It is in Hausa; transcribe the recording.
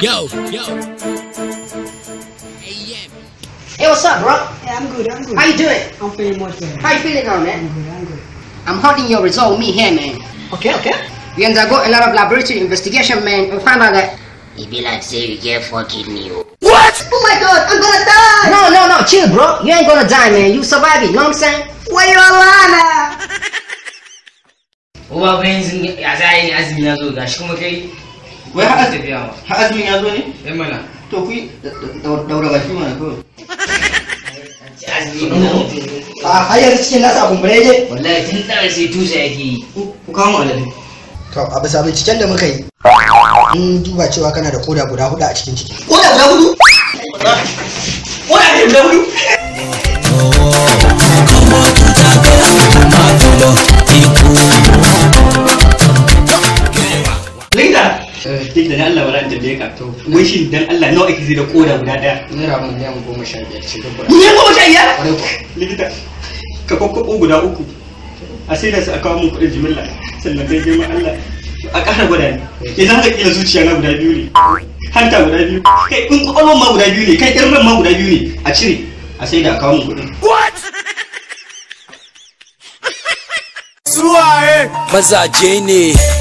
yo, yo. Hey, yeah. Hey, what's up, bro? Yeah, I'm good, I'm good. How you doing? I'm feeling much better. How you feeling now, man? I'm good, I'm good. I'm holding your result me here, man. Okay, okay. We undergo a lot of laboratory investigation, man, and find out that... It be like say you get four new. What? Oh my god, I'm gonna die! No, no, no, chill, bro. You ain't gonna die, man. You survive it, you know what I'm saying? Why you alive? Uba brains as I as in Nazo, wai har azumi ya ma har azumin ya zo ne eh mana to ku daura baki mana kawai a hayar cikin nasa abun bare je wallahi tun da sai tusa yake ku kama alade to a bisa binciken da muka yi mun duba cewa kana da koda guda hudu a cikin ciki koda guda hudu koda guda hudu kin da Allah wala da ka to wai shin dan Allah nawa ake zai da koda guda daya naira miliyan goma sha biyar ce dubura ne goma sha biyar likita ka kokkobo guda uku a sai da su a kawo mun kuɗin jimilla sannan dai girman Allah a ƙara gwada ne idan haka kila zuciya na guda biyu ne hanta guda biyu kai in kwakwalwar ma guda biyu ne kai irin ran ma guda biyu ne a cire a sai da a kawo what. zuwa suwaye mazaje ne